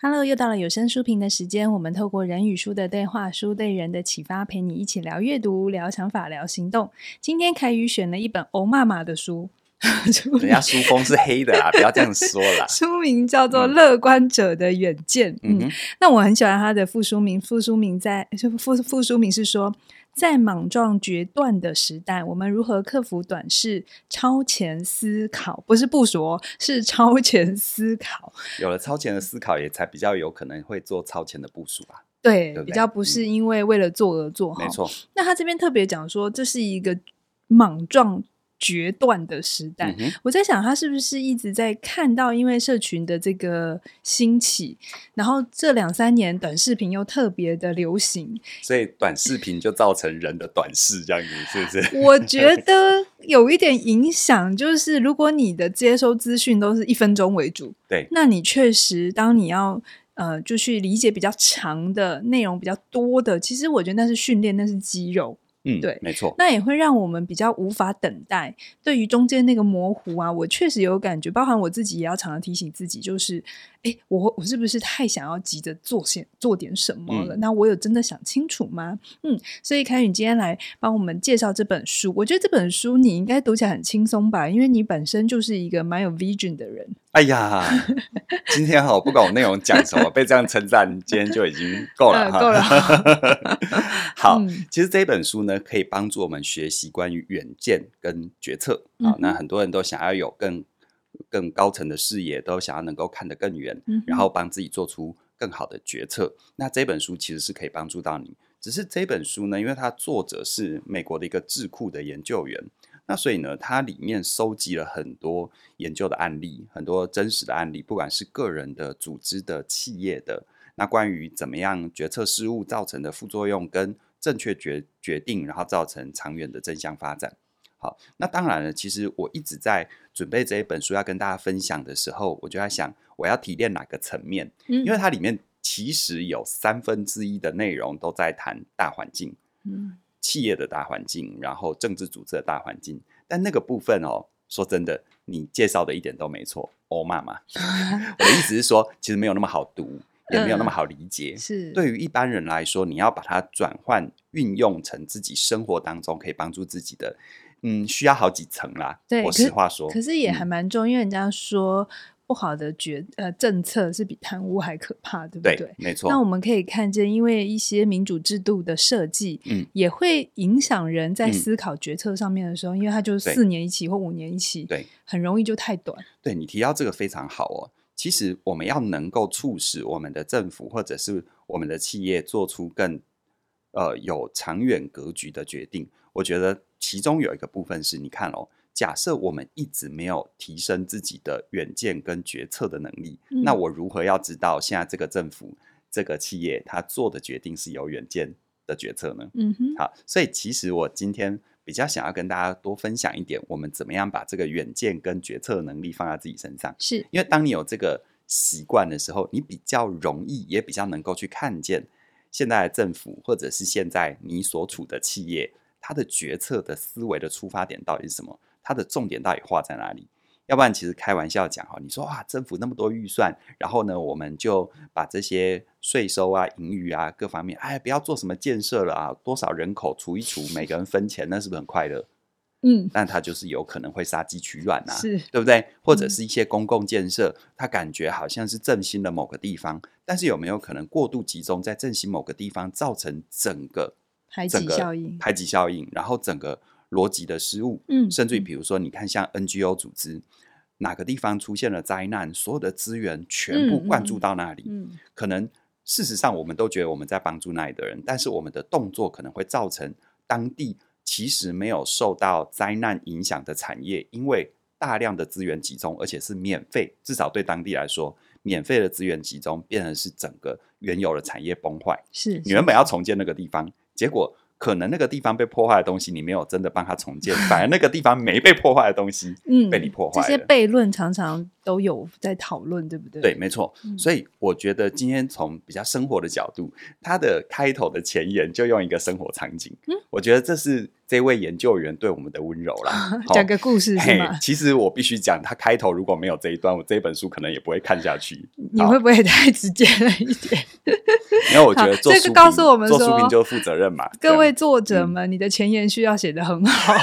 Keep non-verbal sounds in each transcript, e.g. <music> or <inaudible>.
Hello，又到了有聲書評的時間。我們透過人與書的對話，書對人的啟發，陪你一起聊閱讀，聊想法，聊行動。今天凱宇選了一本歐媽媽的書，人家書封是黑的啦， <laughs> 不要這樣說啦。書名叫做《樂觀者的遠見》嗯嗯。嗯，那我很喜歡他的副書名，副書名在副副書名是說。在莽撞決斷的時代，我們如何克服短視？超前思考不是部署哦，是超前思考。有了超前的思考，也才比較有可能會做超前的部署吧？對，對對，比較不是因為為了做而做，嗯，沒錯。那他這邊特別講說，這是一個莽撞。決斷的時代，我在想他是不是一直在看到，因為社群的這個興起，然後這兩三年短視頻又特別的流行，所以短視頻就造成人的短視這樣子，是不是？我覺得有一點影響，就是如果你的接收資訊都是一分鐘為主，對，那你確實當你要呃就去理解比較長的內容，比較多的，其實我覺得那是訓練，那是肌肉。嗯，對，沒錯。那也會讓我們比較無法等待。對於中間那個模糊啊，我確實有感覺，包含我自己也要常常提醒自己，就是，哎，我我是不是太想要急着做些做點什麼了？嗯。那我有真的想清楚嗎？嗯，所以凱宇今天來幫我們介紹這本書，我覺得這本書你應該讀起來很輕鬆吧，因為你本身就是一個蠻有 vision 的人。哎呀，今天哈，不管我內容講什麼， <laughs> 被這樣稱讚，今天就已經夠了哈。夠了。 <laughs> 啊、夠了 <laughs> 好、嗯，其實這本書呢，可以幫助我們學習關於遠見跟決策啊。那很多人都想要有更更高層的視野，都想要能夠看得更遠，嗯，然後幫自己做出更好的決策。那這本書其實是可以幫助到你。只是這本書呢，因為它作者是美國的一個智庫的研究員。那所以呢，它裡面收集了很多研究的案例，很多真實的案例，不管是個人的、組織的、企業的，那關於怎麼樣決策失誤造成的副作用，跟正確決決定，然後造成長遠的正向發展。好，那當然了，其實我一直在準備這一本書要跟大家分享的時候，我就在想，我要提煉哪個層面，嗯。因為它裡面其實有三分之一的內容都在談大環境。嗯。企業的大環境，然後政治組織的大環境，但那個部分哦，說真的，你介紹的一點都沒錯。歐媽媽，我的意思是說，其實沒有那麼好讀，也沒有那麼好理解。呃、是對於一般人來說，你要把它轉換運用成自己生活當中可以幫助自己的，嗯，需要好幾層啦。對，我實話說，可是，可是也還蠻重要，嗯，因為人家說。不好的決呃政策是比貪污還可怕，對不對？對，沒錯。那我們可以看見，因為一些民主制度的設計，嗯，也會影響人在思考決策上面的時候，嗯，因為它就是四年一期或五年一期，對，很容易就太短。對，對，對，你提到這個非常好哦。其實我們要能夠促使我們的政府或者是我們的企業做出更呃有長遠格局的決定，我覺得其中有一個部分是你看哦。假設我們一直沒有提升自己的遠見跟決策的能力，嗯、那我如何要知道現在這個政府、這個企業它做的決定是有遠見的決策呢？嗯哼。好，所以其實我今天比較想要跟大家多分享一點，我們怎麼樣把這個遠見跟決策的能力放在自己身上。是，因為當你有這個習慣的時候，你比較容易，也比較能夠去看見現在政府或者是現在你所處的企業它的決策的思維的出發點到底是什麼。它的重點到底畫在哪裡？要不然，其實開玩笑講哈，你說哇，政府那麼多預算，然後呢，我們就把這些稅收啊、盈餘啊各方面，哎，不要做什麼建設了啊，多少人口除一除， <laughs> 每個人分錢，那是不是很快樂？嗯，但他就是有可能會殺雞取卵啊，是，對不對？或者是一些公共建設、嗯，他感覺好像是振興了某個地方，但是有沒有可能過度集中在振興某個地方，造成整個排擠效應？排擠效應，然後整個。邏輯的失誤，甚至於比如說，你看像 NGO 組織，嗯，哪個地方出現了災難，所有的資源全部灌注到那裡，嗯嗯，可能事實上我們都覺得我們在幫助那裡的人，但是我們的動作可能會造成當地其實沒有受到災難影響的產業，因為大量的資源集中，而且是免費，至少對當地來說，免費的資源集中變成是整個原有的產業崩壞，是你原本要重建那個地方，結果。可能那個地方被破壞的東西，你沒有真的幫他重建，反而那個地方沒被破壞的東西，嗯，被你破壞、 <laughs> 嗯。這些悖論常常。都有在討論，對不對？對，沒錯、嗯。所以我覺得今天從比較生活的角度，它的開頭的前言就用一個生活場景、嗯，我覺得這是這位研究員對我們的溫柔啦。講、啊 oh, 個故事是嗎？Hey, 其實我必須講，他開頭如果沒有這一段，我這本書可能也不會看下去。你會不會太直接了一點？因為 <laughs> 我覺得這是、那個，告訴我們說，做書評就是負責任嘛。各位作者們，哦、你的前言需要寫得很好，好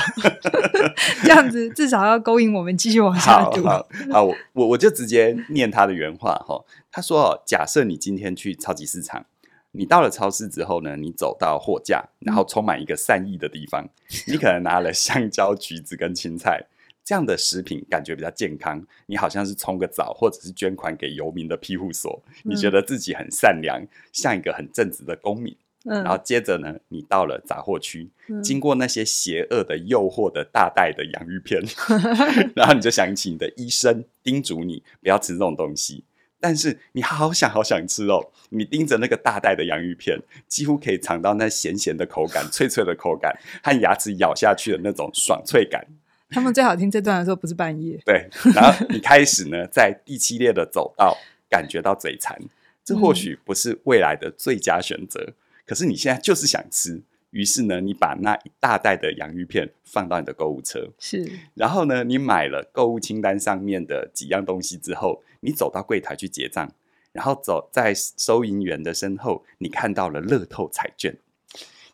<laughs> 這樣子至少要勾引我們繼續往下讀。好，好好好我我就直接念他的原話哈，他說：假設你今天去超級市場，你到了超市之後呢，你走到貨架，然後充滿一個善意的地方，你可能拿了香蕉、橘子跟青菜這樣的食品，感覺比較健康，你好像是沖個澡，或者是捐款給遊民的庇護所，你覺得自己很善良，像一個很正直的公民。嗯、然後接着呢，你到了雜貨區，嗯、經過那些邪惡的誘惑的大袋的洋芋片， <laughs> 然後你就想起你的醫生叮囑你不要吃這種東西，但是你好想好想吃哦！你盯着那個大袋的洋芋片，幾乎可以嘗到那鹹鹹的口感， <laughs> 脆脆的口感和牙齒咬下去的那種爽脆感。他們最好聽這段的時候不是半夜， <laughs> 對。然後你開始呢，在第七列的走道感覺到嘴饞，這或許不是未來的最佳選擇。嗯可是你現在就是想吃，於是呢，你把那一大袋的洋芋片放到你的購物車。是，然後呢，你買了購物清單上面的幾樣東西之後，你走到櫃台去結賬，然後走在收銀員的身後，你看到了樂透彩券。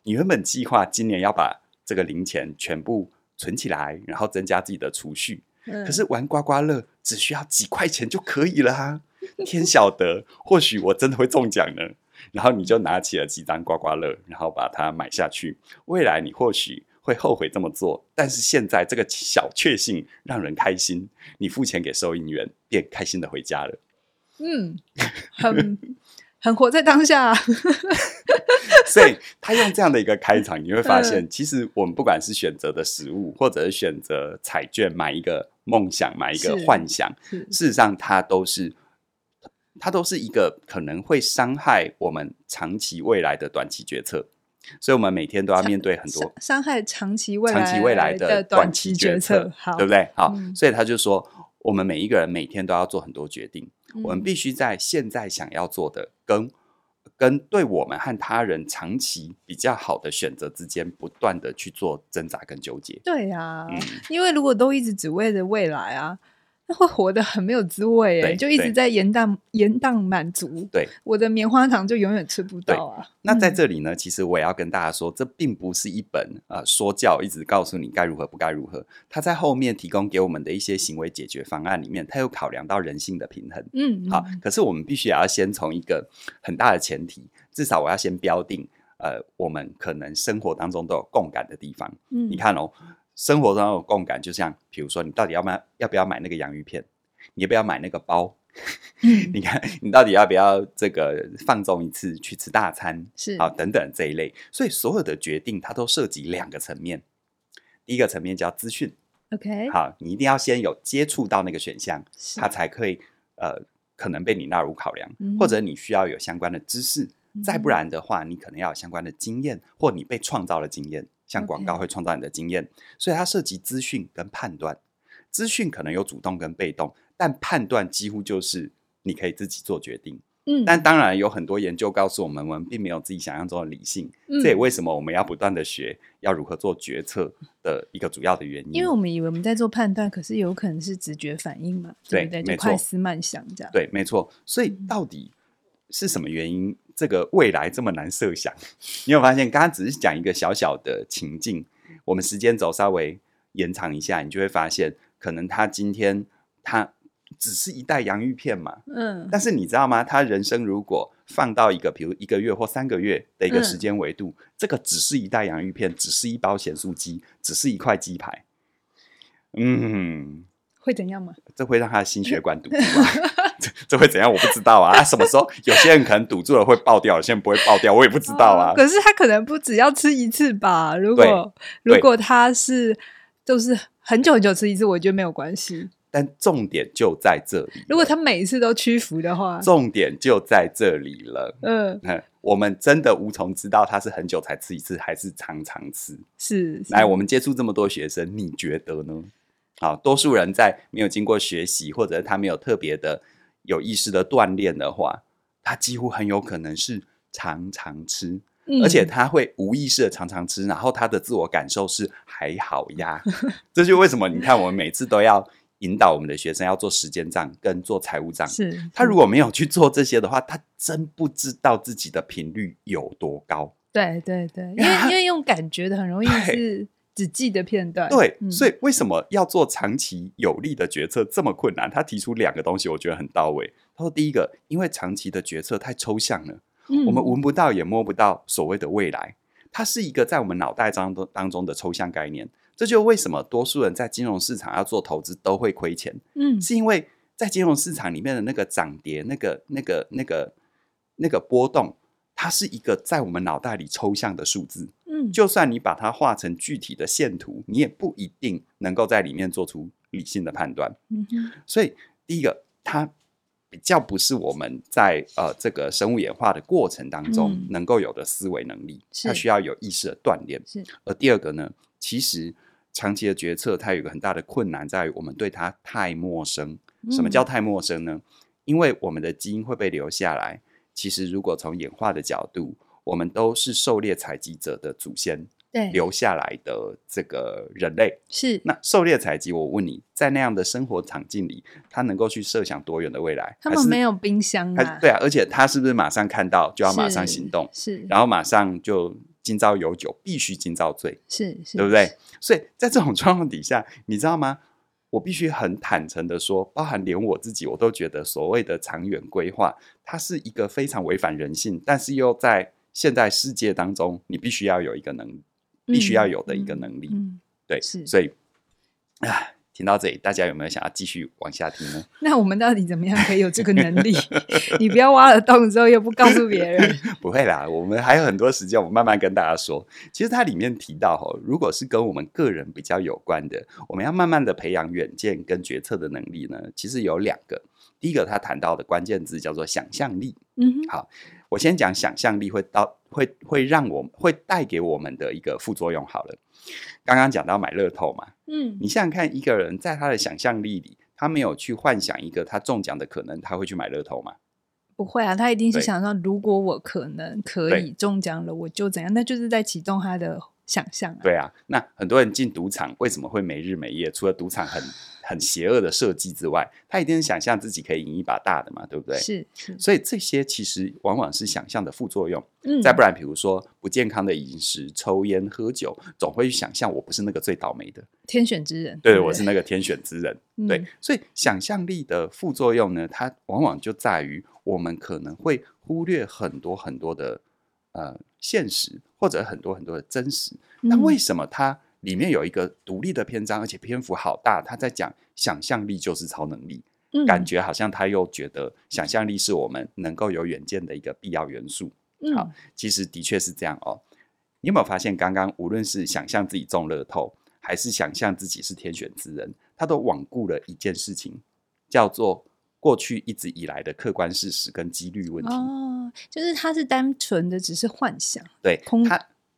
你原本計劃今年要把這個零錢全部存起來，然後增加自己的儲蓄。嗯。可是玩刮刮樂只需要幾塊錢就可以了啊，天曉得， <laughs> 或許我真的會中獎呢。然後你就拿起了幾張刮刮樂，然後把它買下去。未來你或許會後悔這麼做，但是現在這個小確幸讓人開心。你付錢給收銀員，便開心的回家了。嗯，很 <laughs> 很活在當下。 <laughs> 所以他用這樣的一個開場，你會發現，嗯，其實我們不管是選擇的食物，或者是選擇彩券，買一個夢想，買一個幻想，事實上它都是。它都是一個可能會傷害我們長期未來的短期決策，所以我們每天都要面對很多傷害長期未來、長期未來的短期決策，決策對不對？好、嗯，所以他就說，我們每一個人每天都要做很多決定，嗯、我們必須在現在想要做的跟跟對我們和他人長期比較好的選擇之間不斷地去做掙扎跟糾結。對呀、啊嗯，因為如果都一直只為着未來啊。會活得很沒有滋味，哎，就一直在延宕，延宕滿足。對，我的棉花糖就永遠吃不到啊。那在這裡呢，嗯，其實我也要跟大家說，這並不是一本呃說教，一直告訴你該如何不該如何。他在後面提供給我們的一些行為解決方案裡面，他有考量到人性的平衡。嗯，好，可是我們必須也要先從一個很大的前提，至少我要先標定，呃，我們可能生活當中都有共感的地方。嗯，你看哦。生活中有共感，就像比如說，你到底要不要要不要買那個洋芋片？你要不要買那個包？嗯、 <laughs> 你看，你到底要不要這個放縱一次去吃大餐？是好、啊，等等這一類，所以所有的決定它都涉及兩個層面。第一個層面叫資訊，OK，好、啊，你一定要先有接觸到那個選項，它才可以呃可能被你納入考量、嗯，或者你需要有相關的知識、嗯。再不然的話，你可能要有相關的經驗，或你被創造的經驗。像廣告會創造你的經驗，okay. 所以它涉及資訊跟判斷。資訊可能有主動跟被動，但判斷幾乎就是你可以自己做決定。嗯，但當然有很多研究告訴我們，我們並沒有自己想象中的理性。嗯，這也為什麼我們要不斷的學要如何做決策的一個主要的原因，因為我們以為我們在做判斷，可是有可能是直覺反應嘛？對不對？對，沒錯。就快思慢想這樣。對，沒錯。所以到底、嗯。是什麼原因，這個未來這麼難設想？你有發現，剛剛只是講一個小小的情境，我們時間軸稍微延長一下，你就會發現，可能他今天他只是一袋洋芋片嘛，嗯，但是你知道嗎？他人生如果放到一個，比如一個月或三個月的一個時間維度，嗯、這個只是一袋洋芋片，只是一包鹹酥雞，只是一塊雞排，嗯，會怎樣嗎？這會讓他的心血管堵住嗎，啊？嗯 <laughs> 會怎樣？我不知道啊！ <laughs> 啊什麼時候有些人可能堵住了會爆掉，有些人不會爆掉，我也不知道啊，啊。可是他可能不只要吃一次吧？如果如果他是就是很久很久吃一次，我覺得沒有關係。但重點就在這裡：如果他每一次都屈服的話，重點就在這裡了。嗯、呃，我們真的無從知道他是很久才吃一次，還是常常吃。是來是，我們接觸這麼多學生，你覺得呢？好多數人在沒有經過學習，或者他沒有特別的。有意識的鍛鍊的話，他幾乎很有可能是常常吃、嗯，而且他會無意識的常常吃，然後他的自我感受是還好呀！ <laughs> 這就為什麼你看，我們每次都要引導我們的學生要做時間賬跟做財務賬。是，他如果沒有去做這些的話，他真不知道自己的頻率有多高。對對對，因為因為用感覺的很容易是。只記得片段對、嗯，所以為什麼要做長期有利的決策這麼困難？他提出兩個東西，我覺得很到位。他說，第一個，因為長期的決策太抽象了、嗯，我們聞不到也摸不到所謂的未來，它是一個在我們腦袋當中當中的抽象概念。這就是為什麼多數人在金融市場要做投資都會虧錢。嗯，是因為在金融市場裡面的那個漲跌、那個、那個、那個、那個波動，它是一個在我們腦袋裡抽象的數字。就算你把它畫成具體的線圖，你也不一定能夠在裡面做出理性的判斷、嗯。所以，第一個，它比較不是我們在呃這個生物演化的過程當中能夠有的思維能力，嗯，它需要有意識的鍛鍊。是。而第二個呢，其實長期的決策，它有一個很大的困難在於我們對它太陌生。什麼叫太陌生呢？嗯、因為我們的基因會被留下來。其實，如果從演化的角度，我們都是狩獵採集者的祖先，對留下來的這個人類。是那狩獵採集，我問你在那樣的生活場景裡，他能夠去設想多遠的未來？他們還是沒有冰箱。對啊，而且他是不是馬上看到就要馬上行動？是，是，然後馬上就今朝有酒必須今朝醉。是，是，對不對？所以在這種狀況底下，你知道嗎？我必須很坦誠的說，包含連我自己，我都覺得所謂的長遠規劃，它是一個非常違反人性，但是又在。現在世界當中，你必須要有一個能，必須要有的一個能力，嗯、對，是，所以，啊，聽到這裡，大家有沒有想要繼續往下聽呢？那我們到底怎麼樣可以有這個能力？ <laughs> 你不要挖了洞之後又不告訴別人。不會啦，我們還有很多時間，我慢慢跟大家說。其實它裡面提到哈、哦，如果是跟我們個人比較有關的，我們要慢慢的培養遠見跟決策的能力呢，其實有兩個。第一個，他談到的關鍵字叫做想象力。嗯，好。我先講想象力會到會會讓我會帶給我們的一個副作用好了。剛剛講到買樂透嘛，嗯，你想想看，一個人在他的想象力裡，他沒有去幻想一個他中獎的可能，他會去買樂透嗎？不會啊，他一定是想說，如果我可能可以中獎了，我就怎樣，那就是在啟動他的。想象、啊、對啊，那很多人進賭場為什麼會沒日沒夜？除了賭場很很邪惡的設計之外，他一定是想象自己可以贏一把大的嘛，對不對？是，是，所以這些其實往往是想象的副作用。嗯，再不然，比如說不健康的飲食、抽煙、喝酒，總會去想象我不是那個最倒霉的天選之人對。對，我是那個天選之人。對、嗯，所以想象力的副作用呢，它往往就在於我們可能會忽略很多很多的呃。現實或者很多很多的真實，那、嗯、為什麼它裡面有一個獨立的篇章，而且篇幅好大？他在講想象力就是超能力、嗯，感覺好像他又覺得想象力是我們能夠有遠見的一個必要元素。嗯，好，其實的確是這樣哦。你有沒有發現，剛剛無論是想象自己中樂透，還是想象自己是天選之人，他都罔顧了一件事情，叫做。過去一直以來的客觀事實跟幾率問題，哦，就是它是單純的只是幻想，對，空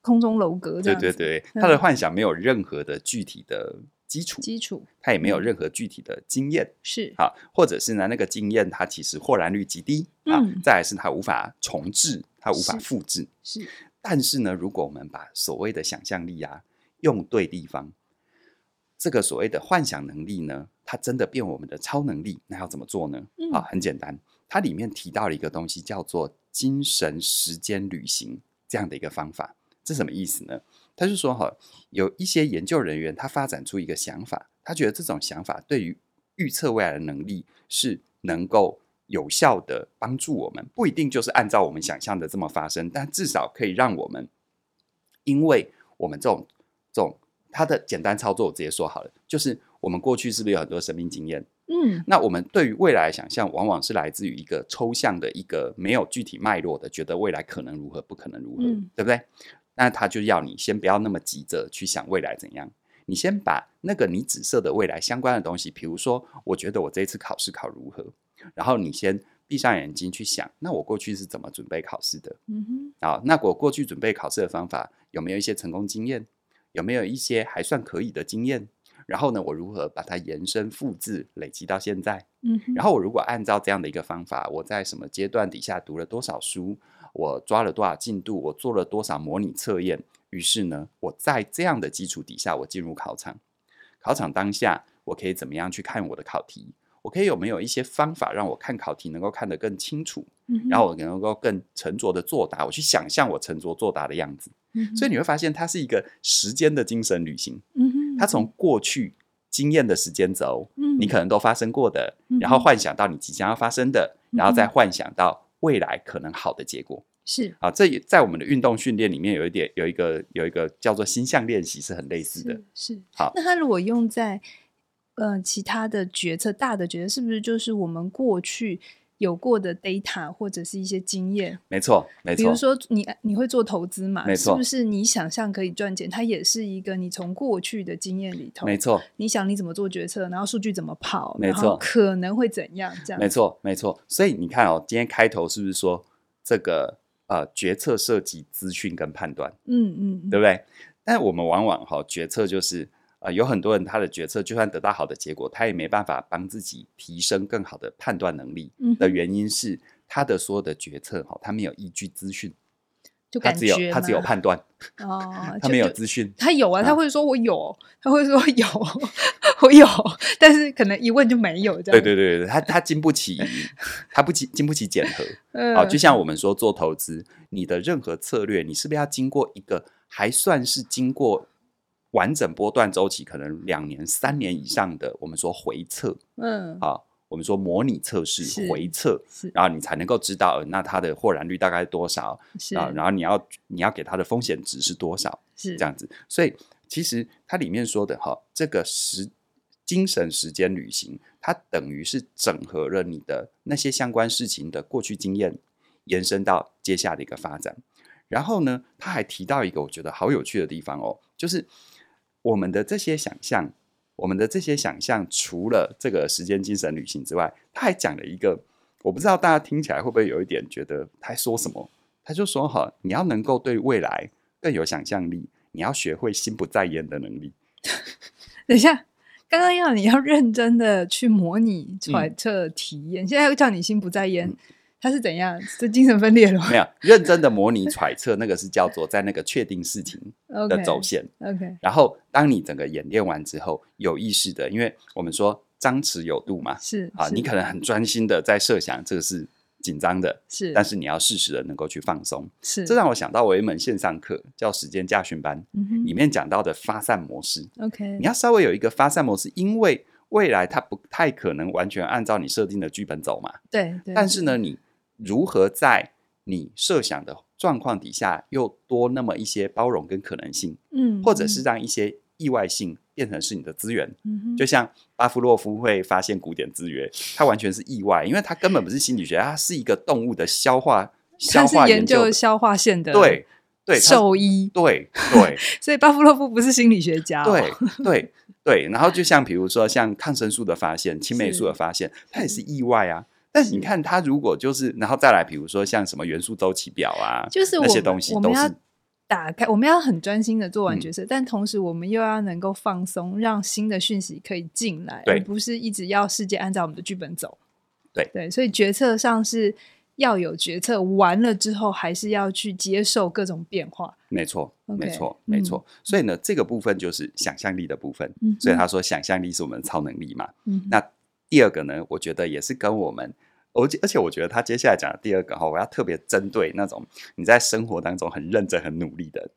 空中樓閣這樣子對對對，嗯，他的幻想沒有任何的具體的基礎，基礎，他也沒有任何具體的經驗，是，嗯啊，或者是呢那個經驗它其實或然率極低，嗯，啊，再來是他無法重置，他無法複製，是，是但是呢，如果我們把所謂的想象力啊用對地方，這個所謂的幻想能力呢，它真的變我們的超能力？那要怎麼做呢？嗯、啊，很簡單，它裡面提到了一個東西，叫做精神時間旅行這樣的一個方法，這是什麼意思呢？他就說哈、哦，有一些研究人員他發展出一個想法，他覺得這種想法對於預測未來的能力是能夠有效地幫助我們，不一定就是按照我們想象的這麼發生，但至少可以讓我們，因為我們這種。他的簡單操作我直接說好了，就是我們過去是不是有很多生命經驗？嗯，那我們對於未來想象往往是來自於一個抽象的一個沒有具體脈絡的，覺得未來可能如何，不可能如何，嗯，對不對？那他就要你先不要那麼急着去想未來怎樣，你先把那個你指涉的未來相關的東西，比如說，我覺得我這一次考試考如何，然後你先閉上眼睛去想，那我過去是怎麼準備考試的？嗯哼，好，那我過去準備考試的方法有沒有一些成功經驗？有沒有一些還算可以的經驗？然後呢，我如何把它延伸、複製、累積到現在？嗯，然後我如果按照這樣的一個方法，我在什麼階段底下讀了多少書？我抓了多少進度？我做了多少模擬測驗？於是呢，我在這樣的基礎底下，我進入考場。考場當下，我可以怎麼樣去看我的考題？我可以有沒有一些方法讓我看考題能夠看得更清楚？嗯，然後我能夠更沉着的作答。我去想象我沉着作答的樣子。 <noise> 所以你會發現，它是一個時間的精神旅行。嗯哼， <noise> 它從過去經驗的時間軸，嗯， <noise> 你可能都發生過的， <noise> 然後幻想到你即將要發生的， <noise> 然後再幻想到未來可能好的結果。 <noise> 是啊，這也在我們的運動訓練裡面有一點，有一個有一個叫做心象練習是很類似的是，是。好，那它如果用在嗯、呃、其他的決策，大的決策是不是就是我們過去？有過的 data 或者是一些經驗，沒錯，沒錯。比如說你你會做投資嘛？沒錯，是不是你想象可以賺錢？它也是一個你從過去的經驗裡頭，沒錯。你想你怎麼做決策，然後數據怎麼跑，沒錯，然後可能會怎樣這樣？沒錯，沒錯。所以你看哦，今天開頭是不是說這個呃決策涉及資訊跟判斷？嗯嗯，對不對？但我們往往哈、哦、決策就是。啊，有很多人他的決策就算得到好的結果，他也沒辦法幫自己提升更好的判斷能力的原因，是他的所有的決策哈，他沒有依據資訊，就感覺他只有他只有判斷哦，他沒有資訊，他有啊、嗯，他會說我有，他會說有， <laughs> 我有，但是可能一問就沒有這樣。對對對，他他經不起， <laughs> 他不起經不起檢核。好、呃啊，就像我們說做投資，你的任何策略，你是不是要經過一個還算是經過？完整波段週期可能兩年、三年以上的，我們說回測，嗯，啊，我們說模擬測試，是回測是，然後你才能夠知道，呃、那它的或然率大概多少？是啊，然後你要你要給它的風險值是多少？是這樣子。所以其實它裡面說的哈、啊，這個時精神時間旅行，它等於是整合了你的那些相關事情的過去經驗，延伸到接下來的一個發展。然後呢，他還提到一個我覺得好有趣的地方哦，就是。我們的這些想象，我們的這些想象，除了這個時間精神旅行之外，他還講了一個，我不知道大家聽起來會不會有一點覺得，他說什麼？他就說：“哈，你要能夠對未來更有想象力，你要學會心不在焉的能力。”等一下，剛剛要你要認真的去模擬揣測體驗，嗯、現在又叫你心不在焉。嗯他是怎樣？是精神分裂了嗎？ <laughs> 沒有，認真的模擬揣測，那個是叫做在那個確定事情的走線。Okay, OK，然後當你整個演練完之後，有意識的，因為我們說張弛有度嘛，是啊是，你可能很專心的在設想這個是緊張的，是，但是你要適時的能夠去放鬆。是，這讓我想到我有一門線上課叫時間駕訓班，mm -hmm. 裡面講到的發散模式。OK，你要稍微有一個發散模式，因為未來它不太可能完全按照你設定的劇本走嘛。對，對，但是呢，你如何在你設想的狀況底下，又多那麼一些包容跟可能性？嗯，或者是讓一些意外性變成是你的資源。嗯，就像巴夫洛夫會發現古典資源，他完全是意外，因為他根本不是心理學，他是一個動物的消化，他是研究消化，研究，消化腺的對對獸醫對對，對對對 <laughs> 所以巴夫洛夫不是心理學家喔。對對對，然後就像比如說像抗生素的發現、青黴素的發現，它也是意外啊。但是你看，他如果就是然後再來，比如說像什麼元素周期表啊，就是、我們那些東西都是我們要打開。我們要很專心的做完決策，嗯，但同時我們又要能夠放鬆，讓新的訊息可以進來，而不是一直要世界按照我們的劇本走。對對，所以決策上是要有決策，完了之後還是要去接受各種變化。沒錯，Okay, 沒錯，嗯，沒錯。所以呢，嗯，這個部分就是想象力的部分。嗯，所以他說想象力是我們的超能力嘛。嗯，那第二個呢，我覺得也是跟我們。而而且我覺得他接下來講的第二個哈，我要特別針對那種你在生活當中很認真、很努力的啊、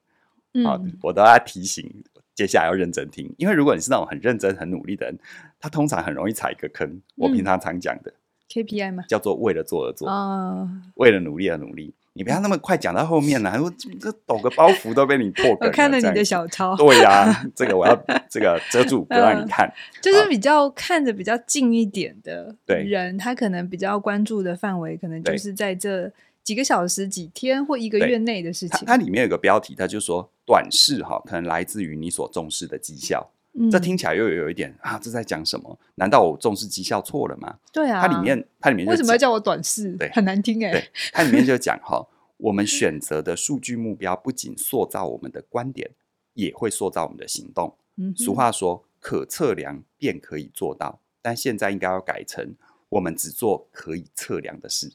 嗯哦，我都要提醒接下來要認真聽，因為如果你是那種很認真、很努力的人，他通常很容易踩一個坑。嗯、我平常常講的 KPI 嘛，叫做為了做而做啊、哦，為了努力而努力。你不要那麼快講到後面了，還說，這抖個包袱都被你破梗了。 <laughs> 我看了你的小抄。對呀、啊，這個我要 <laughs> 這個遮住，不讓你看。嗯、就是比較看着比較近一點的人、啊對，他可能比較關注的範圍，可能就是在這幾個小時、幾天或一個月內的事情。它裡面有個標題，它就說短視哈，可能來自於你所重視的績效。這聽起來又有一點啊，這在講什麼？難道我重視績效錯了嗎？對啊，它裡面它裡面為什麼要叫我短視？對，很難聽哎、欸。對，它裡面就講哈、 <laughs> 哦，我們選擇的數據目標不僅塑造我們的觀點，也會塑造我們的行動。嗯，俗話說，可測量便可以做到。但現在應該要改成，我們只做可以測量的事。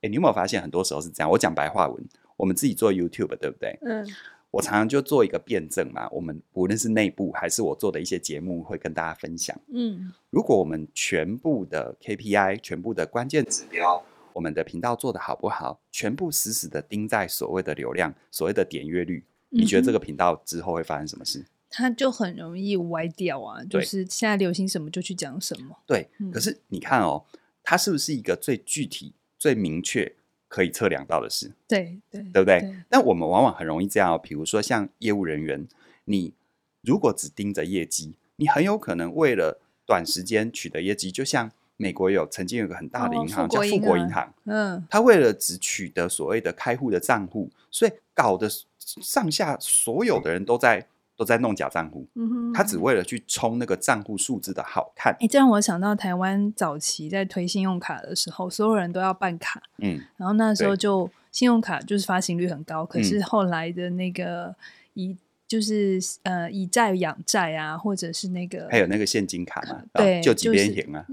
哎，你有沒有發現，很多時候是這樣？我講白話文，我們自己做 YouTube，對不對？嗯。我常常就做一個辯證嘛，我們無論是內部還是我做的一些節目，會跟大家分享。嗯，如果我們全部的 KPI、全部的關鍵指標，我們的頻道做得好不好，全部死死的盯在所謂的流量、所謂的點閱率，你覺得這個頻道之後會發生什麼事？它、嗯、就很容易歪掉啊！對，就是現在流行什麼就去講什麼。對、嗯，可是你看哦，它是不是一個最具體、最明確？可以測量到的是，對對，對不對，對？但我們往往很容易這樣、哦，比如說像業務人員，你如果只盯着業績，你很有可能為了短時間取得業績，就像美國有曾經有個很大的銀行叫、哦、富，富國銀行，嗯，他為了只取得所謂的開戶的賬戶，所以搞得上下所有的人都在、嗯。都在弄假賬戶、嗯，他只為了去衝那個賬戶數字的好看。哎、欸，這讓我想到台灣早期在推信用卡的時候，所有人都要辦卡，嗯，然後那時候就信用卡就是發行率很高，可是後來的那個、嗯、以就是呃以債養債啊，或者是那個還有那個現金卡嘛、啊，對，就幾邊贏啊，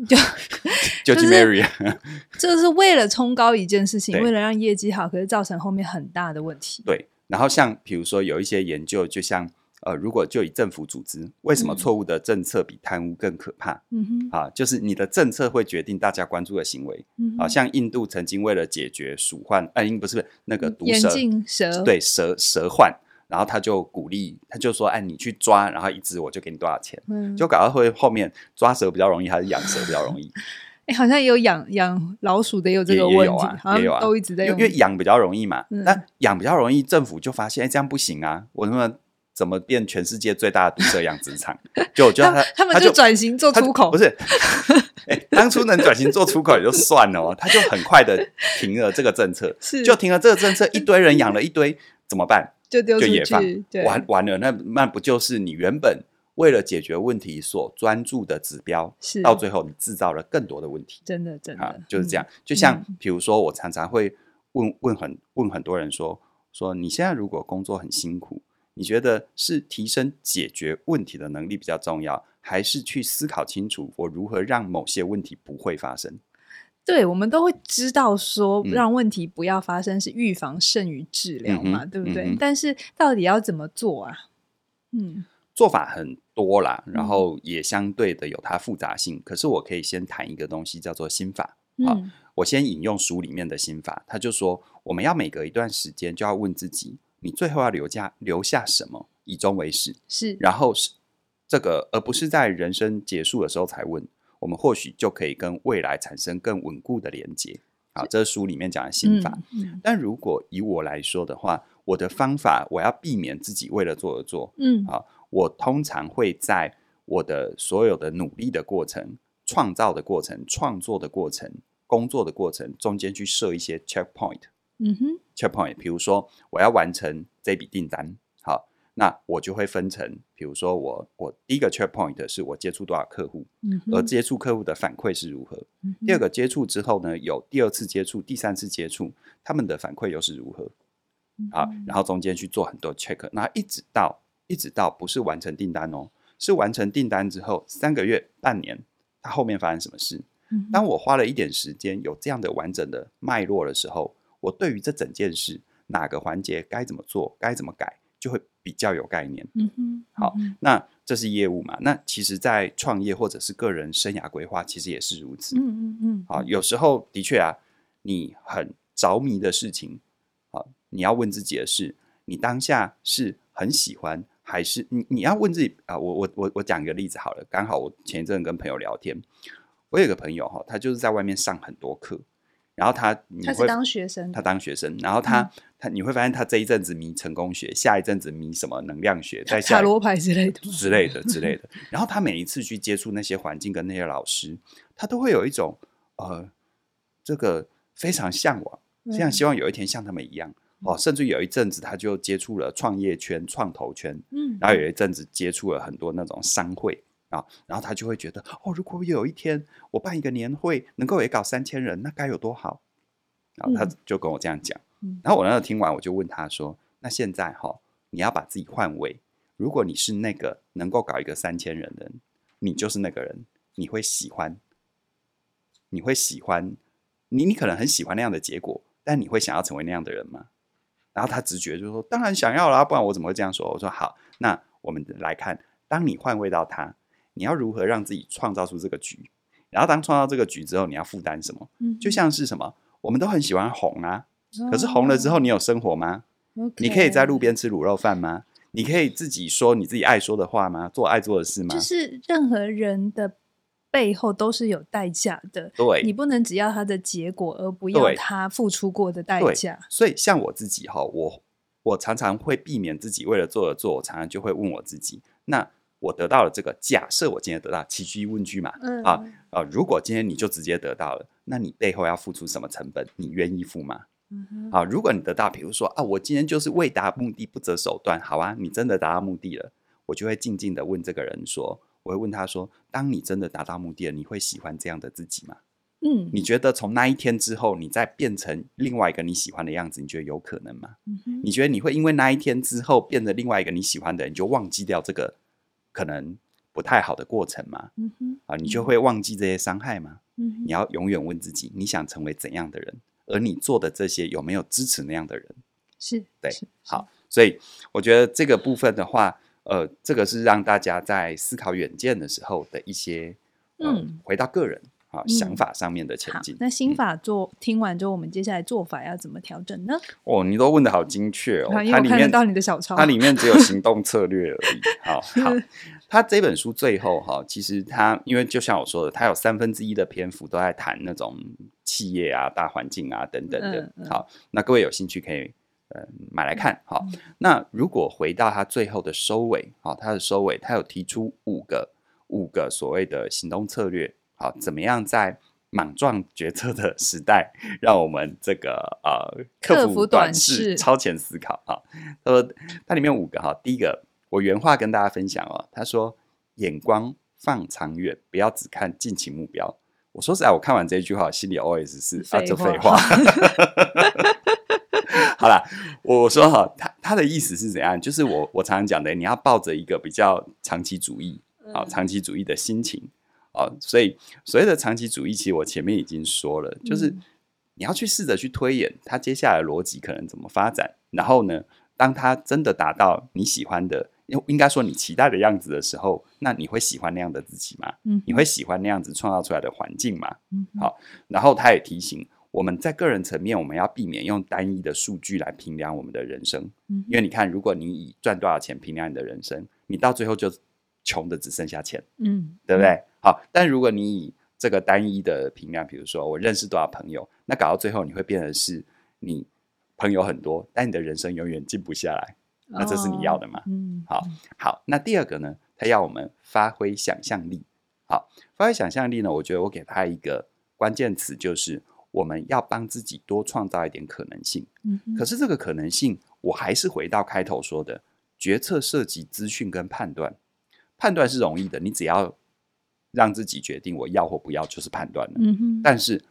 就 <laughs> 就是、 <laughs> 就是、 <laughs> 就是為了衝高一件事情，為了讓業績好，可是造成後面很大的問題。對，然後像比如說有一些研究，就像。呃，如果就以政府組織，為什麼錯誤的政策比貪污更可怕？嗯哼，啊，就是你的政策會決定大家關注的行為。嗯，啊，像印度曾經為了解決鼠患，哎，不是那個毒蛇眼鏡蛇，對蛇蛇患，然後他就鼓勵，他就說，哎，你去抓，然後一只我就給你多少錢。嗯，就搞到會後面抓蛇比較容易，還是養蛇比較容易？哎、 <laughs> 欸，好像也有養養老鼠的，有這個問題，也,也有啊，都一直在用、啊，因為養比較容易嘛。那、嗯、養比較容易，政府就發現，哎，這樣不行啊，我他怎麼變全世界最大的毒蛇養殖場？ <laughs> 就我覺得他，他們就轉型做出口，不是？ <laughs> 欸、當初能轉型做出口也就算了哦， <laughs> 他就很快的停了這個政策，是。就停了這個政策，一堆人養了一堆， <laughs> 怎麼辦？就丟就野放，對。完，完了，那那不就是你原本為了解決問題所專注的指標，是。到最後你制造了更多的問題？真的，真的、啊、就是這樣。嗯、就像譬、嗯、如說，我常常會問問很問很多人說說，你現在如果工作很辛苦。你覺得是提升解決問題的能力比較重要，還是去思考清楚我如何讓某些問題不會發生？對，我們都會知道說讓問題不要發生是預防勝於治療嘛，嗯、對不對、嗯？但是到底要怎麼做啊？嗯，做法很多啦，然後也相對的有它複雜性。可是我可以先談一個東西叫做心法啊、嗯哦。我先引用書裡面的心法，他就說我們要每隔一段時間就要問自己。你最後要留下留下什麼？以終為始，是，然後是這個，而不是在人生結束的時候才問。我們或許就可以跟未來產生更穩固的連接。好，是這是書裡面講的心法。嗯，嗯。但如果以我來說的話，我的方法，我要避免自己為了做而做。嗯，啊，我通常會在我的所有的努力的過程、創造的過程、創作的過程、工作的過程中間去設一些 checkpoint。嗯、mm、哼 -hmm.，checkpoint，比如說我要完成這筆訂單，好，那我就會分成，比如說我我第一個 checkpoint 是我接觸多少客戶，嗯、mm -hmm. 而接觸客戶的反饋是如何，嗯、mm -hmm.，第二個接觸之後呢，有第二次接觸、第三次接觸，他們的反饋又是如何，啊，mm -hmm. 然後中間去做很多 check，那一直到一直到不是完成訂單哦，是完成訂單之後三個月、半年，它後面發生什麼事？Mm -hmm. 當我花了一點時間有這樣的完整的脈絡的時候，我對於這整件事哪個環節該怎麼做，該怎麼改，就會比較有概念。嗯嗯，好，那這是業務嘛。那其實，在創業或者是個人生涯規劃，其實也是如此。嗯嗯嗯，好，有時候的確啊，你很着迷的事情，啊，你要問自己的是，你當下是很喜歡，還是你你要問自己啊？我我我我講一個例子好了，剛好我前一陣跟朋友聊天，我有個朋友哈、哦，他就是在外面上很多課。然後他你會，他是當學生，他當學生。然後他，嗯、他你會發現，他這一陣子迷成功學，下一陣子迷什麼能量學，在下塔羅牌之類的之類的之類的。類的 <laughs> 然後他每一次去接觸那些環境跟那些老師，他都會有一種呃，這個非常向往，非常希望有一天像他們一樣、嗯、哦。甚至有一陣子，他就接觸了創業圈、創投圈，嗯，然後有一陣子接觸了很多那種商會。啊，然後他就會覺得，哦，如果有一天我辦一個年會，能夠也搞三千人，那該有多好！然後他就跟我這樣講。嗯、然後我那天聽完，我就問他說：“嗯、那現在哈、哦，你要把自己換位，如果你是那個能夠搞一個三千人的人，你就是那個人，你會喜歡？你會喜歡？你你可能很喜歡那樣的結果，但你會想要成為那樣的人嗎？”然後他直覺就說：“當然想要啦，不然我怎麼會這樣說？”我說：“好，那我們來看，當你換位到他。”你要如何讓自己創造出這個局？然後當創造這個局之後，你要負擔什麼？嗯，就像是什麼，我們都很喜歡紅啊，oh. 可是紅了之後，你有生活嗎？Okay. 你可以在路邊吃滷肉飯嗎？你可以自己說你自己愛說的話嗎？做愛做的事嗎？就是任何人的背後都是有代價的。對，你不能只要他的結果，而不要他付出過的代價。所以像我自己哈，我我常常會避免自己為了做而做，我常常就會問我自己，那。我得到了這個假設，我今天得到，起句問句嘛，嗯、啊啊，如果今天你就直接得到了，那你背後要付出什麼成本？你願意付嗎、嗯？啊，如果你得到，比如說啊，我今天就是為達目的不擇手段，好啊，你真的達到目的了，我就會靜靜的問這個人說，我會問他說，當你真的達到目的了，你會喜歡這樣的自己嗎？嗯，你覺得從那一天之後，你再變成另外一個你喜歡的樣子，你覺得有可能嗎？嗯，你覺得你會因為那一天之後變成另外一個你喜歡的人，就忘記掉這個？可能不太好的過程嘛，嗯哼，啊，你就會忘記這些傷害嘛，嗯，你要永遠問自己，你想成為怎樣的人，而你做的這些有沒有支持那樣的人？是，對，好，所以我覺得這個部分的話，呃，這個是讓大家在思考遠見的時候的一些，呃、嗯，回到個人。好、嗯，想法上面的前進。那心法做、嗯、聽完之後，我們接下來做法要怎麼調整呢？哦，你都問得好精確哦、嗯。它裡面看得到你的小抄，它裡面只有行動策略而已。好 <laughs> 好，他好 <laughs> 這本書最後哈，其實他因為就像我說的，他有三分之一的篇幅都在談那種企業啊、大環境啊等等的、嗯嗯。好，那各位有興趣可以、呃、買來看。好，嗯、那如果回到他最後的收尾，好、哦，他的收尾，他有提出五個五個所謂的行動策略。好，怎麼樣在莽撞決策的時代，讓我們這個、呃、克服短，服短視、超前思考啊？他、哦、說，他、呃、裡面有五個哈、哦，第一個我原話跟大家分享哦，他說眼光放長遠，不要只看近期目標。我說實在，我看完這句話，心裡 OS 是啊，這廢話。啊、廢話 <laughs> <laughs> 好了，我說哈，他、哦、他的意思是怎樣？就是我我常常講的，你要抱着一個比較長期主義啊、哦，長期主義的心情。啊，所以所謂的長期主義，其實我前面已經說了，就是、嗯、你要去試着去推演它接下來的邏輯可能怎麼發展，然後呢，當它真的達到你喜歡的，應應該說你期待的樣子的時候，那你會喜歡那樣的自己嗎？嗯，你會喜歡那樣子創造出來的環境嗎？嗯，好。然後他也提醒我們在個人層面，我們要避免用單一的數據來評量我們的人生，嗯，因為你看，如果你以賺多少錢評量你的人生，你到最後就。窮的只剩下錢，嗯，對不對？好，但如果你以這個單一的評量，比如說我認識多少朋友，那搞到最後你會變成是你朋友很多，但你的人生永遠靜不下來。那這是你要的嗎？哦，嗯，好，好。那第二個呢？他要我們發揮想象力。好，發揮想象力呢？我覺得我給他一個關鍵詞，就是我們要幫自己多創造一點可能性。嗯，可是這個可能性，我還是回到開頭說的，決策涉及資訊跟判斷。判斷是容易的，你只要讓自己決定我要或不要，就是判斷了。嗯哼。但是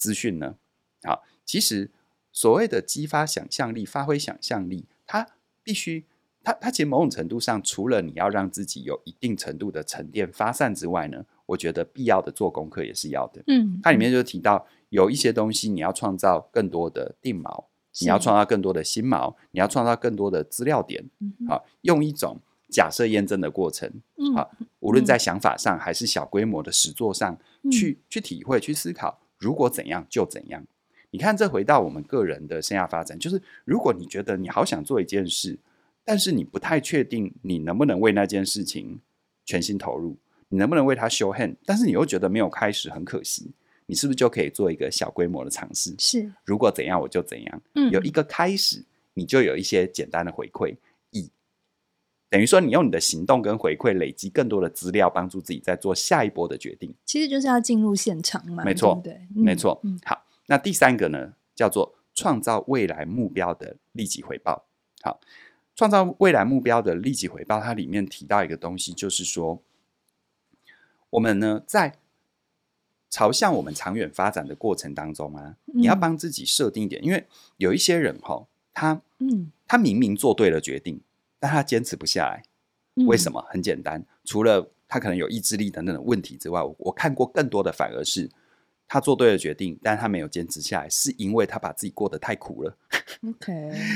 資訊呢？好，其實所謂的激發想象力、發揮想象力，它必須，它它其實某種程度上，除了你要讓自己有一定程度的沉澱發散之外呢，我覺得必要的做功課也是要的。嗯。它裡面就提到有一些東西，你要創造更多的定錨，你要創造更多的新錨，你要創造更多的資料點。嗯哼。好，用一種。假設驗證的過程、嗯，啊，無論在想法上還是小規模的實作上，嗯、去去體會、去思考，如果怎樣就怎樣。你看，這回到我們個人的生涯發展，就是如果你覺得你好想做一件事，但是你不太確定你能不能為那件事情全心投入，你能不能為它修恨，但是你又覺得沒有開始很可惜，你是不是就可以做一個小規模的嘗試？是，如果怎樣我就怎樣。嗯，有一個開始，你就有一些簡單的回饋。等於說，你用你的行動跟回饋累積更多的資料，幫助自己再做下一波的決定。其實就是要進入現場嘛。沒錯，對，對，嗯，沒錯，嗯。好，那第三個呢，叫做創造未來目標的立即回報。好，創造未來目標的立即回報，它裡面提到一個東西，就是說，我們呢在朝向我們長遠發展的過程當中啊、嗯，你要幫自己設定一點，因為有一些人哈、哦，他嗯，他明明做對了決定。但他堅持不下來，為什麼？嗯，很簡單，除了他可能有意志力等等的問題之外，我，我看過更多的反而是他做對了決定，但他沒有堅持下來，是因為他把自己過得太苦了。 <laughs> OK，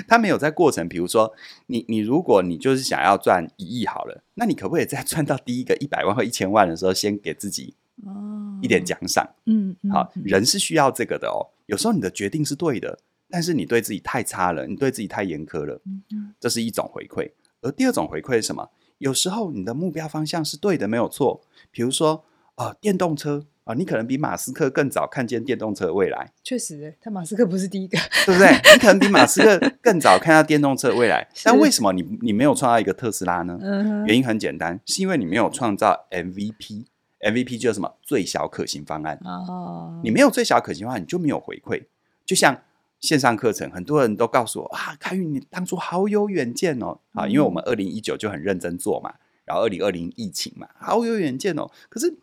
他沒有在過程，比如說你，你如果你就是想要賺一億好了，那你可不可以在賺到第一個一百萬或一千萬的時候，先給自己哦一點獎賞？嗯，oh，好，人是需要這個的哦。有時候你的決定是對的。但是你對自己太差了，你對自己太嚴苛了，這是一種回饋。而第二種回饋是什麼？有時候你的目標方向是對的，沒有錯。比如說，呃，電動車啊、呃，你可能比馬斯克更早看見電動車未來。確實，他馬斯克不是第一個，對不對？你可能比馬斯克更早看到電動車未來。 <laughs> 但為什麼你你沒有創造一個特斯拉呢？Uh-huh. 原因很簡單，是因為你沒有創造 MVP。MVP 就是什麼？最小可行方案。哦、oh，你沒有最小可行方案，你就沒有回饋。就像。線上課程，很多人都告訴我啊，凱宇你當初好有遠見哦！啊，因為我們二零一九就很認真做嘛，嗯、然後二零二零疫情嘛，好有遠見哦。可是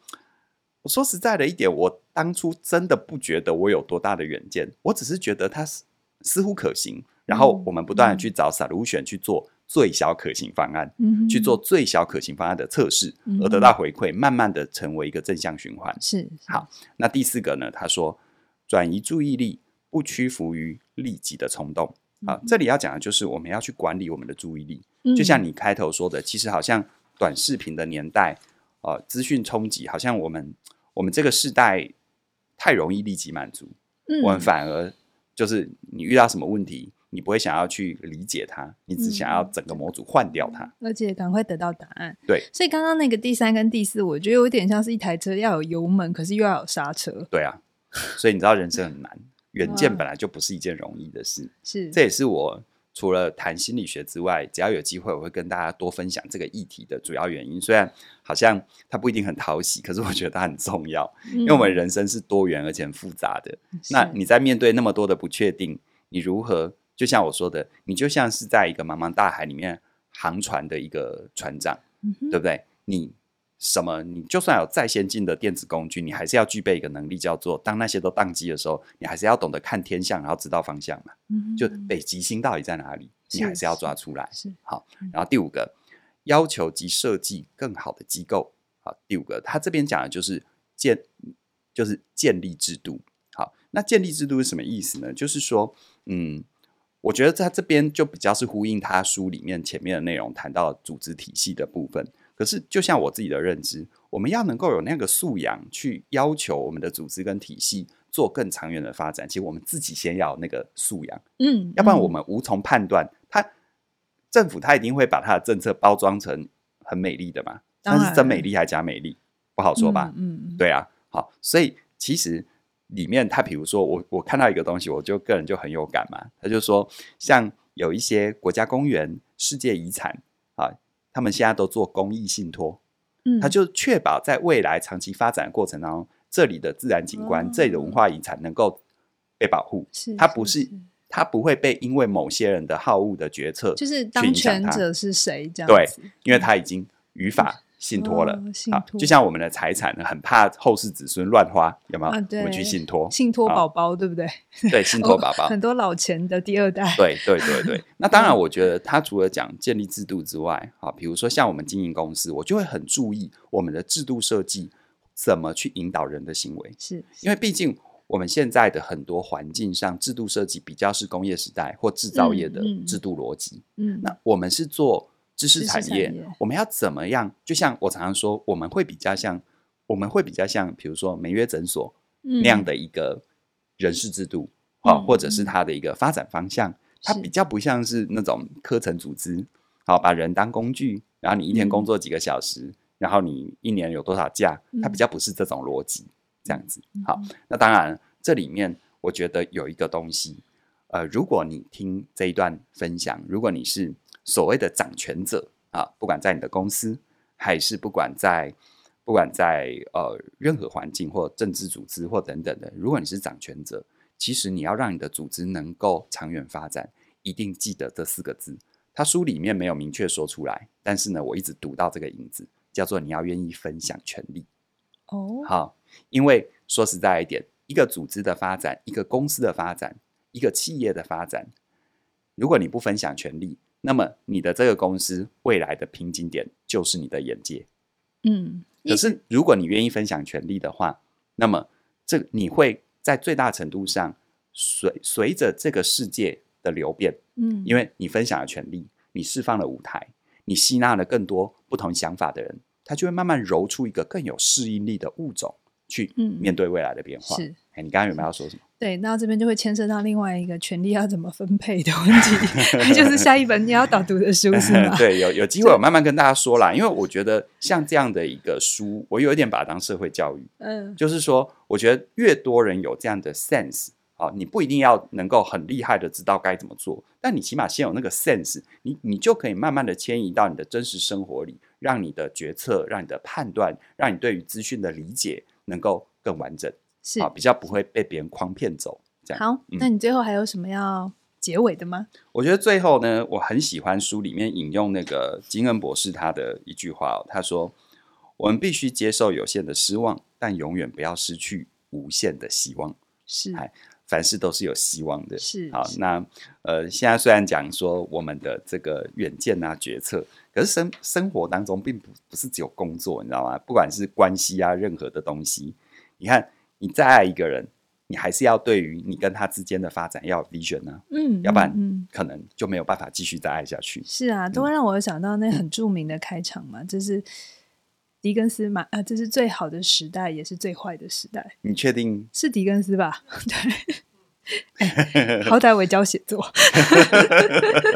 我說實在的一點，我當初真的不覺得我有多大的遠見，我只是覺得它似乎可行。然後我們不斷的去找 solution 去做最小可行方案、嗯，去做最小可行方案的測試，嗯、而得到回饋，慢慢的成為一個正向循環。是好。那第四個呢？他說轉移注意力。不屈服於立即的衝動啊！這裡要講的就是我們要去管理我們的注意力。嗯、就像你開頭說的，其實好像短視頻的年代，呃，資訊衝擊，好像我們我們這個世代太容易立即滿足、嗯，我們反而就是你遇到什麼問題，你不會想要去理解它，你只想要整個模組換掉它，嗯、而且趕快得到答案。對，所以剛剛那個第三跟第四，我覺得有點像是一台車要有油門，可是又要有剎車。對啊，所以你知道人生很難。嗯遠見本來就不是一件容易的事，是，這也是我除了談心理學之外，只要有機會我會跟大家多分享這個議題的主要原因。雖然好像它不一定很討喜，可是我覺得它很重要，因為我們人生是多元而且很複雜的，嗯。那你在面對那麼多的不確定，你如何？就像我說的，你就像是在一個茫茫大海裡面航船的一個船長，嗯，對不對？你。什麼？你就算有再先進的電子工具，你還是要具備一個能力，叫做當那些都宕機的時候，你還是要懂得看天象，然後知道方向嘛。嗯，就北極星到底在哪裡，你還是要抓出來。是，是好，嗯。然後第五個，要求及設計更好的機構。好，第五個，他這邊講的就是建，就是建立制度。好，那建立制度是什麼意思呢？就是說，嗯，我覺得他這邊就比較是呼應他書裡面前面的內容，談到了組織體系的部分。可是，就像我自己的認知，我們要能夠有那個素養，去要求我們的組織跟體系做更長遠的發展。其實，我們自己先要那個素養、嗯，嗯，要不然我們無從判斷。他政府他一定會把他的政策包裝成很美麗的嘛，但是真美麗還是假美麗，不好說吧嗯？嗯，對啊。好，所以其實裡面，他比如說我我看到一個東西，我就個人就很有感嘛。他就說，像有一些國家公園、世界遺產啊。他們現在都做公益信托，嗯，他就確保在未來長期發展過程當中，嗯，這裡的自然景觀，哦、這裡的文化遺產能夠被保護。他不是，他不會被因為某些人的好惡的決策，就是當權者是誰這樣子。對，因為他已經依法，嗯。信託了、哦，信，就像我們的財產呢，很怕後世子孫亂花，有沒有？啊、對，我們去信託，信託寶寶，對不對？對，信託寶寶，很多老錢的第二代。對對對對，那當然，我覺得他除了講建立制度之外，啊，比如說像我們經營公司，我就會很注意我們的制度設計怎麼去引導人的行為，是，是因為畢竟我們現在的很多環境上，制度設計比較是工業時代或制造業的制度邏輯、嗯。嗯，那我們是做。知識產業，知識產業我們要怎麼樣？就像我常常說，我們會比較像，我們會比較像，比如說梅約診所、嗯、那樣的一個人事制度啊、嗯，或者是它的一個發展方向，嗯、它比較不像是那種科層組織，好，把人當工具，然後你一天工作幾個小時，嗯、然後你一年有多少假，它比較不是這種邏輯、嗯，這樣子。好，那當然，這裡面我覺得有一個東西，呃，如果你聽這一段分享，如果你是。所謂的掌權者啊，不管在你的公司，還是不管在，不管在呃任何環境或政治組織或等等的，如果你是掌權者，其實你要讓你的組織能夠長遠發展，一定記得這四個字。他書裡面沒有明確說出來，但是呢，我一直讀到這個影子，叫做你要願意分享權力。哦。好，因為說實在一點，一個組織的發展，一個公司的發展，一個企業的發展，如果你不分享權力。那麼你的這個公司未來的瓶頸點就是你的眼界，嗯。可是如果你願意分享權力的話，那麼這你會在最大程度上隨隨着這個世界的流變，嗯，因為你分享了權力，你釋放了舞台，你吸納了更多不同想法的人，他就會慢慢揉出一個更有適應力的物種去面對未來的變化。嗯，是。哎，你剛剛有沒有要說什麼？對，那這邊就會牽涉到另外一個權利要怎麼分配的問題， <laughs> 就是下一本你要導讀的書是嗎？ <laughs> 對，有有機會我慢慢跟大家說啦。因為我覺得像這樣的一個書，我有一點把它當社會教育。嗯，就是說，我覺得越多人有這樣的 sense 啊，你不一定要能夠很厲害的知道該怎麼做，但你起碼先有那個 sense，你你就可以慢慢的遷移到你的真實生活裡，讓你的決策、讓你的判斷、讓你對於資訊的理解能夠更完整。是比較不會被別人誆騙走。這樣好、嗯，那你最後還有什麼要結尾的嗎？我覺得最後呢，我很喜歡書裡面引用那個金恩博士他的一句話哦，他說：“我們必須接受有限的失望，但永遠不要失去無限的希望。”是，哎，凡事都是有希望的。是好。那呃，現在雖然講說我們的這個遠見啊、決策，可是生生活當中並不不是只有工作，你知道嗎？不管是關係啊，任何的東西，你看。你再愛一個人，你還是要對於你跟他之間的發展要有 vision 呢，嗯，要不然，嗯，可能就沒有辦法繼續再愛下去。是啊，嗯，都會讓我想到那很著名的開場嘛，就，嗯，是狄更斯嘛，啊，這是最好的時代，也是最壞的時代。你確定是狄更斯吧？對 <laughs> 哎，好歹我也教寫作， <laughs>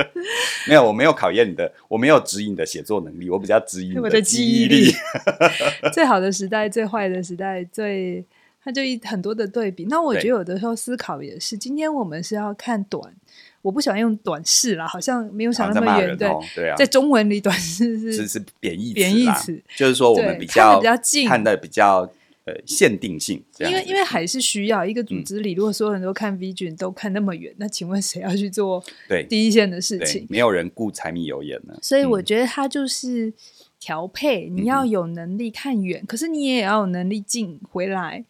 <laughs> 沒有，我沒有考驗你的，我沒有指引你的寫作能力，我比較指引你的記憶力，我的記憶力。 <laughs> 最好的時代，最壞的時代，最。他就一很多的對比，那我覺得有的時候思考也是，今天我們是要看短，我不喜歡用短視啦，好像沒有想那麼遠、哦。對，對、啊，在中文裡，短視是是貶義貶義詞，就是說我們比較看得比較近看的比較、呃、限定性這樣。因為因為還是需要一個組織裡，嗯、如果所有人都看 Vision 都看那麼遠，那請問誰要去做對第一線的事情？沒有人顧柴米油鹽呢，所以我覺得它就是調配、嗯，你要有能力看遠、嗯，可是你也要有能力近回來。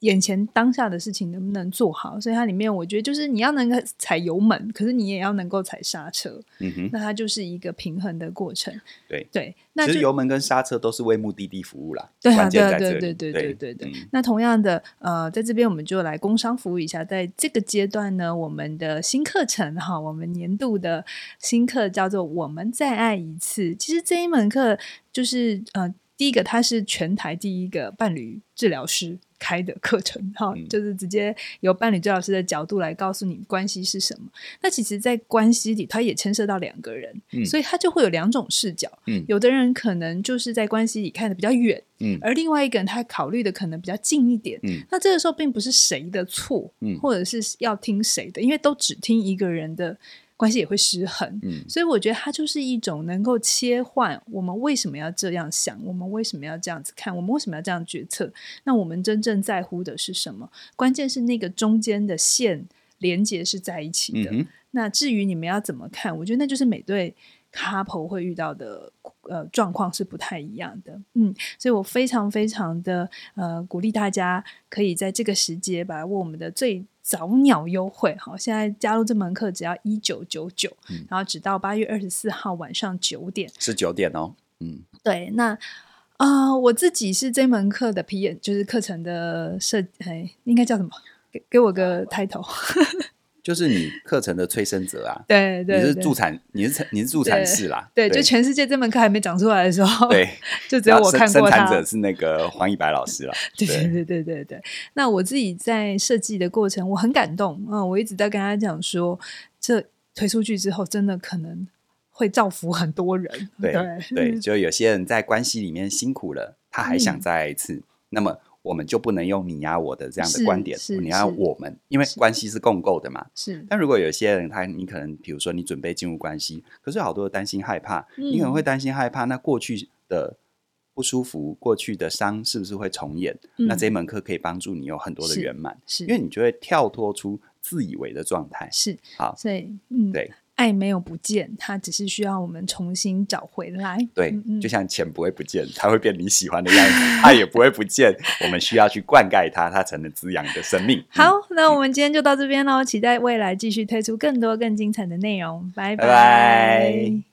眼前當下的事情能不能做好？所以它裡面我覺得就是你要能夠踩油門，可是你也要能夠踩剎車、嗯哼。那它就是一個平衡的過程。對對那就，其實油門跟剎車都是為目的地服務了，關鍵在這裡。啊啊，對對對對對對對、嗯。那同樣的，呃，在這邊我們就來工商服務一下。在這個階段呢，我們的新課程哈，我們年度的新課叫做《我們再愛一次》。其實這一門課就是呃。第一個，他是全台第一個伴侶治療師開的課程，哈、嗯，就是直接由伴侶治療師的角度來告訴你關係是什麼。那其實，在關係裡，他也牽涉到兩個人、嗯，所以他就會有兩種視角、嗯。有的人可能就是在關係裡看得比較遠，嗯，而另外一個人他考慮的可能比較近一點。嗯、那這個時候，並不是誰的錯、嗯，或者是要聽誰的，因為都只聽一個人的，關係也會失衡、嗯，所以我覺得它就是一種能夠切換，我們為什麼要這樣想，我們為什麼要這樣子看，我們為什麼要這樣決策。那我們真正在乎的是什麼？關鍵是那個中間的線連接是在一起的。嗯、那至於你們要怎麼看，我覺得那就是每對 couple 會遇到的呃狀況是不太一樣的。嗯，所以我非常非常的呃鼓勵大家可以在這個時間把握我們的最。早鳥優惠，好，現在加入這門課只要一九九九，然後直到八月二十四號晚上九點，是九點哦，嗯，對，那啊、呃，我自己是這門課的 PM，就是課程的設，哎，應該叫什麼？給給我個 title、嗯。 <laughs> 就是你課程的催生者啊， <laughs> 對對，你是助產，你是你是助產士啦對，對，就全世界這門課還沒長出來的時候，對， <laughs> 就只有我看過他。生產者是那個黃一白老師了，對 <laughs> 對對對對對,對。那我自己在設計的過程，我很感動嗯，我一直在跟他講說，這推出去之後，真的可能會造福很多人。對對，對 <laughs> 就有些人在關係裡面辛苦了，他還想再來一次、嗯，那麼。我們就不能用你呀、啊、我的這樣的觀點，你壓我們，因為關係是共構的嘛。是，是，但如果有些人他，你可能比如說你準備進入關係，可是好多人擔心害怕、嗯，你可能會擔心害怕，那過去的不舒服、過去的傷是不是會重演？嗯、那這門課可以幫助你有很多的圓滿，是，是因為你就會跳脫出自以為的狀態。是，好，所以，嗯，對。愛沒有不見，它只是需要我們重新找回來。對，嗯，就像錢不會不見，它會變你喜歡的樣子。愛也不會不見， <laughs> 我們需要去灌溉它，它才能滋養你的生命。嗯。好，那我們今天就到這邊嘍，期待未來繼續推出更多更精彩的內容。拜拜。Bye bye